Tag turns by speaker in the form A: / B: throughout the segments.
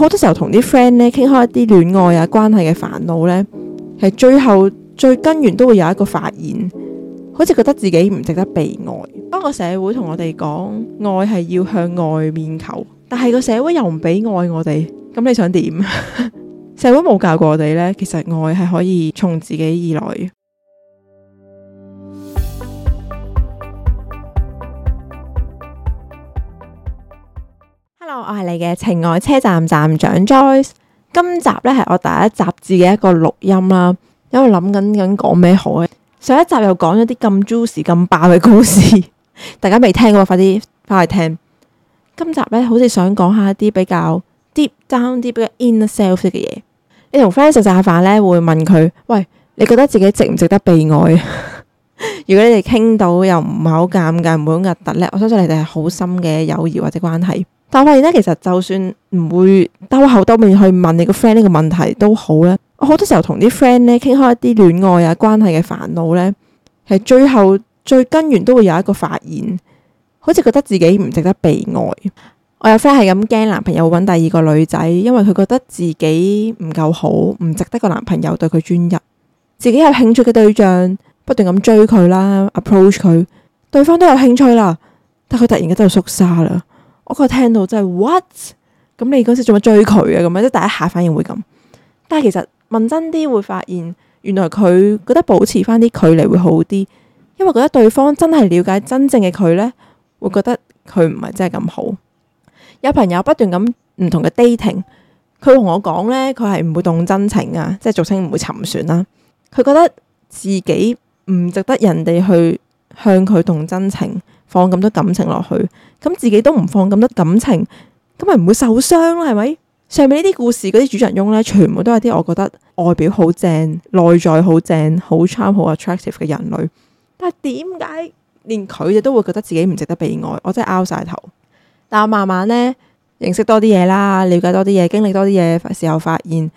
A: 好多時候同啲 friend 咧傾開一啲戀愛啊關係嘅煩惱咧，係最後最根源都會有一個發現，好似覺得自己唔值得被愛。當個社會同我哋講愛係要向外面求，但係個社會又唔俾愛我哋，咁你想點？ 社會冇教過我哋咧，其實愛係可以從自己而來。Hello, 我係你嘅情愛車站站長 Joyce。今集咧係我第一集自己一個錄音啦，因為諗緊緊講咩好嘅。上一集又講咗啲咁 juicy、咁爆嘅故事，大家未聽過嘅快啲翻去聽。今集咧好似想講下一啲比較 deep、down 啲比較 inner self 嘅嘢。你同 friend 食食下飯咧，會問佢：喂，你覺得自己值唔值得被愛？ 如果你哋傾到又唔係好尷尬，唔會好核突咧，我相信你哋係好深嘅友誼或者關係。但我發現咧，其實就算唔會兜口兜面去問你個 friend 呢個問題都好咧。好多時候同啲 friend 咧傾開一啲戀愛啊、關係嘅煩惱咧，係最後最根源都會有一個發現，好似覺得自己唔值得被愛。我有 friend 係咁驚男朋友揾第二個女仔，因為佢覺得自己唔夠好，唔值得個男朋友對佢專一。自己有興趣嘅對象不斷咁追佢啦，approach 佢，對方都有興趣啦，但佢突然間都縮沙啦。我佢聽到真係 what？咁你嗰時做乜追佢啊？咁即係第一下反應會咁，但係其實問真啲會發現，原來佢覺得保持翻啲距離會好啲，因為覺得對方真係了解真正嘅佢呢，會覺得佢唔係真係咁好。有朋友不斷咁唔同嘅 dating，佢同我講呢，佢係唔會動真情啊，即係俗稱唔會沉船啦。佢覺得自己唔值得人哋去向佢動真情。放咁多感情落去，咁自己都唔放咁多感情，咁咪唔會受傷咯，係咪？上面呢啲故事嗰啲主人翁咧，全部都係啲我覺得外表好正、內在好正、好 charm、好 attractive 嘅人類，但係點解連佢哋都會覺得自己唔值得被愛？我真係拗晒頭。但我慢慢咧認識多啲嘢啦，了解多啲嘢，經歷多啲嘢時候，發現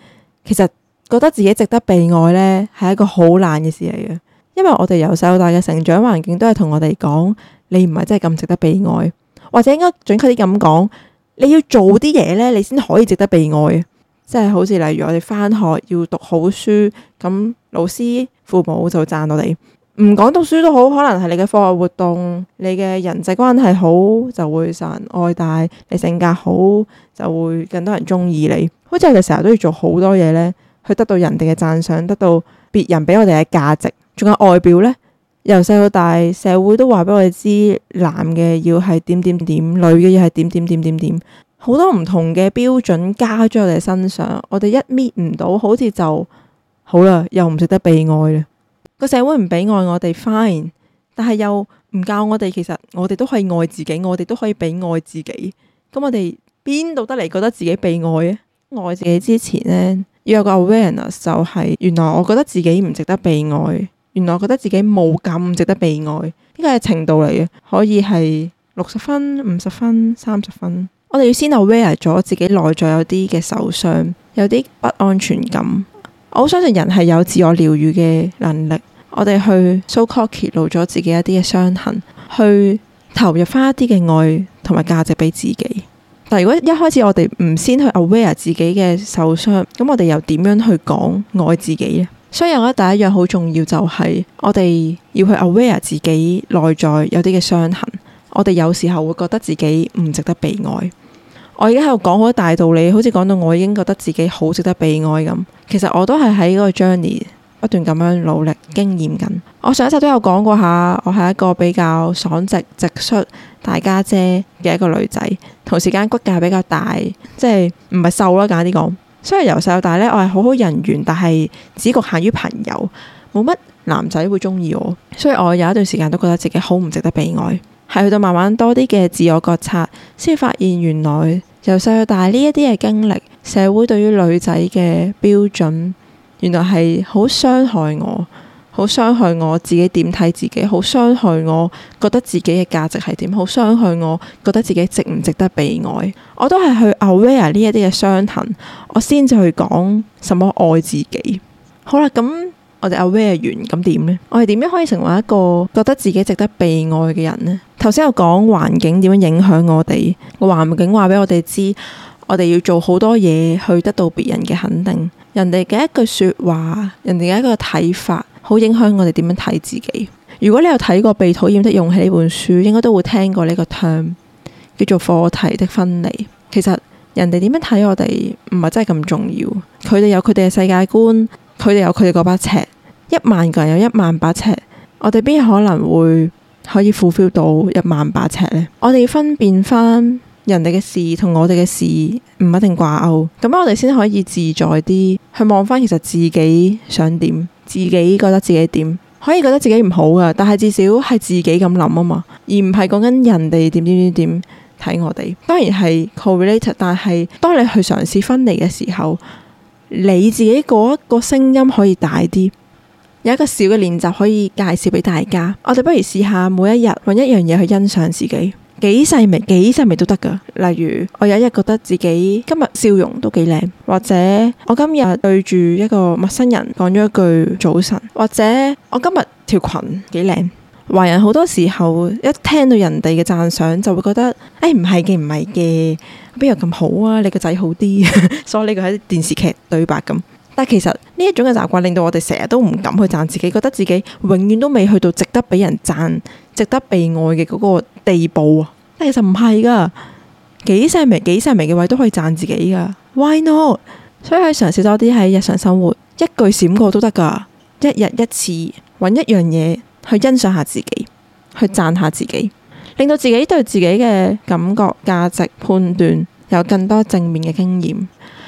A: 其實覺得自己值得被愛咧，係一個好難嘅事嚟嘅。因為我哋由細到大嘅成長環境都係同我哋講。你唔係真係咁值得被愛，或者應該準確啲咁講，你要做啲嘢，呢，你先可以值得被愛。即係好似例如我哋返學要讀好書，咁老師、父母就讚我哋。唔講讀書都好，可能係你嘅課外活動，你嘅人際關係好，就會受人愛戴；你性格好，就會更多人中意你。好似我哋成日都要做好多嘢呢，去得到人哋嘅讚賞，得到別人俾我哋嘅價值，仲有外表呢。由細到大，社會都話俾我哋知，男嘅要係點點點，女嘅要係點點點點點，好多唔同嘅標準加咗我哋身上，我哋一搣唔到，好似就好啦，又唔值得被愛啦。個社會唔俾愛我哋 fine，但係又唔教我哋，其實我哋都可以愛自己，我哋都可以俾愛自己。咁我哋邊度得嚟覺得自己被愛咧？愛自己之前呢，要有個 awareness，就係原來我覺得自己唔值得被愛。原來我覺得自己冇咁值得被愛，
B: 呢個係程度
A: 嚟嘅，可以係六十分、五十分、三十分。 我哋要先 Aware 咗自己內在有啲嘅受傷，有啲不安全感。我好相信人係有自我療愈嘅能力。我哋去 soaking c 揭露咗自己一啲嘅傷痕，去投入翻一啲嘅愛同埋價值俾自己。但如果一開始我哋唔先去 Aware 自己嘅受傷，咁我哋又點樣去講愛自己呢？所以，我覺得第一樣好重要就係我哋要去 aware 自己內在有啲嘅傷痕。我哋有時候會覺得自己唔值得被愛。我而家喺度講好多大道理，好似講到我已經覺得自己好值得被愛咁。其實我都係喺嗰個 journey 不斷咁樣努力經驗緊。我上一集都有講過下，我係一個比較爽直直率大家姐嘅一個女仔，同時間骨架比較大，即係唔係瘦啦，簡單啲講。雖然由細到大呢，我係好好人緣，但係只局限於朋友，冇乜男仔會中意我，所以我有一段時間都覺得自己好唔值得被愛。係去到慢慢多啲嘅自我覺察，先發現原來由細到大呢一啲嘅經歷，社會對於女仔嘅標準，原來係好傷害我。好傷害我自己，點睇自己好傷害我，覺得自己嘅價值係點好傷害我，覺得自己值唔值得被愛？我都係去 aware 呢一啲嘅傷痕，我先至去講什麼愛自己。好啦，咁我哋 aware 完咁點呢？我哋點樣可以成為一個覺得自己值得被愛嘅人呢？頭先有講環境點樣影響我哋，個環境話俾我哋知。我哋要做好多嘢去得到別人嘅肯定，人哋嘅一句說話，人哋嘅一個睇法，好影響我哋點樣睇自己。如果你有睇過《被討厭的勇氣》呢本書，應該都會聽過呢個 term 叫做課題的分離。其實人哋點樣睇我哋，唔係真係咁重要。佢哋有佢哋嘅世界觀，佢哋有佢哋嗰把尺。一萬個人有一萬把尺，我哋邊可能會可以 fulfill 到一萬把尺咧？我哋要分辨翻。人哋嘅事同我哋嘅事唔一定掛鈎，咁啊，我哋先可以自在啲去望返，其實自己想點，自己覺得自己點，可以覺得自己唔好噶，但係至少係自己咁諗啊嘛，而唔係講緊人哋點點點點睇我哋。當然係 correlated，但係當你去嘗試分離嘅時候，你自己嗰一個聲音可以大啲，有一個小嘅練習可以介紹俾大家。我哋不如試下每一日揾一樣嘢去欣賞自己。幾細微，幾細微都得噶。例如，我有一日覺得自己今日笑容都幾靚，或者我今日對住一個陌生人講咗一句早晨，或者我今日條裙幾靚。華人好多時候一聽到人哋嘅讚賞，就會覺得，誒唔係嘅唔係嘅，邊有咁好啊？你個仔好啲，所以呢個係電視劇對白咁。但其實呢一種嘅習慣，令到我哋成日都唔敢去讚自己，覺得自己永遠都未去到值得俾人讚。值得被愛嘅嗰個地步啊，其實唔係噶，幾細微幾細微嘅位都可以讚自己噶，why not？所以可以嘗試多啲喺日常生活，一句閃過都得噶，一日一次，揾一樣嘢去欣賞下自己，去讚下自己，令到自己對自己嘅感覺、價值、判斷有更多正面嘅經驗。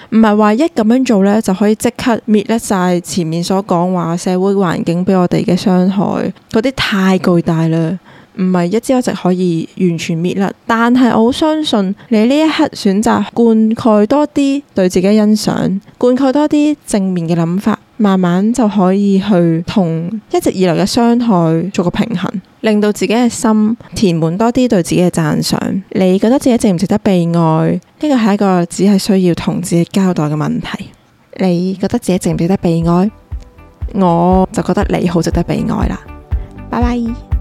A: 唔係話一咁樣做呢，就可以即刻滅甩晒前面所講話社會環境俾我哋嘅傷害，嗰啲太巨大啦。唔係一朝一夕可以完全滅甩啦，但係我好相信你呢一刻選擇灌溉多啲對自己欣賞，灌溉多啲正面嘅諗法，慢慢就可以去同一直以來嘅傷害做個平衡。令到自己嘅心填滿多啲對自己嘅讚賞，你覺得自己值唔值得被愛？呢個係一個只係需要同自己交代嘅問題。你覺得自己值唔值得被愛？我就覺得你好值得被愛啦。拜拜。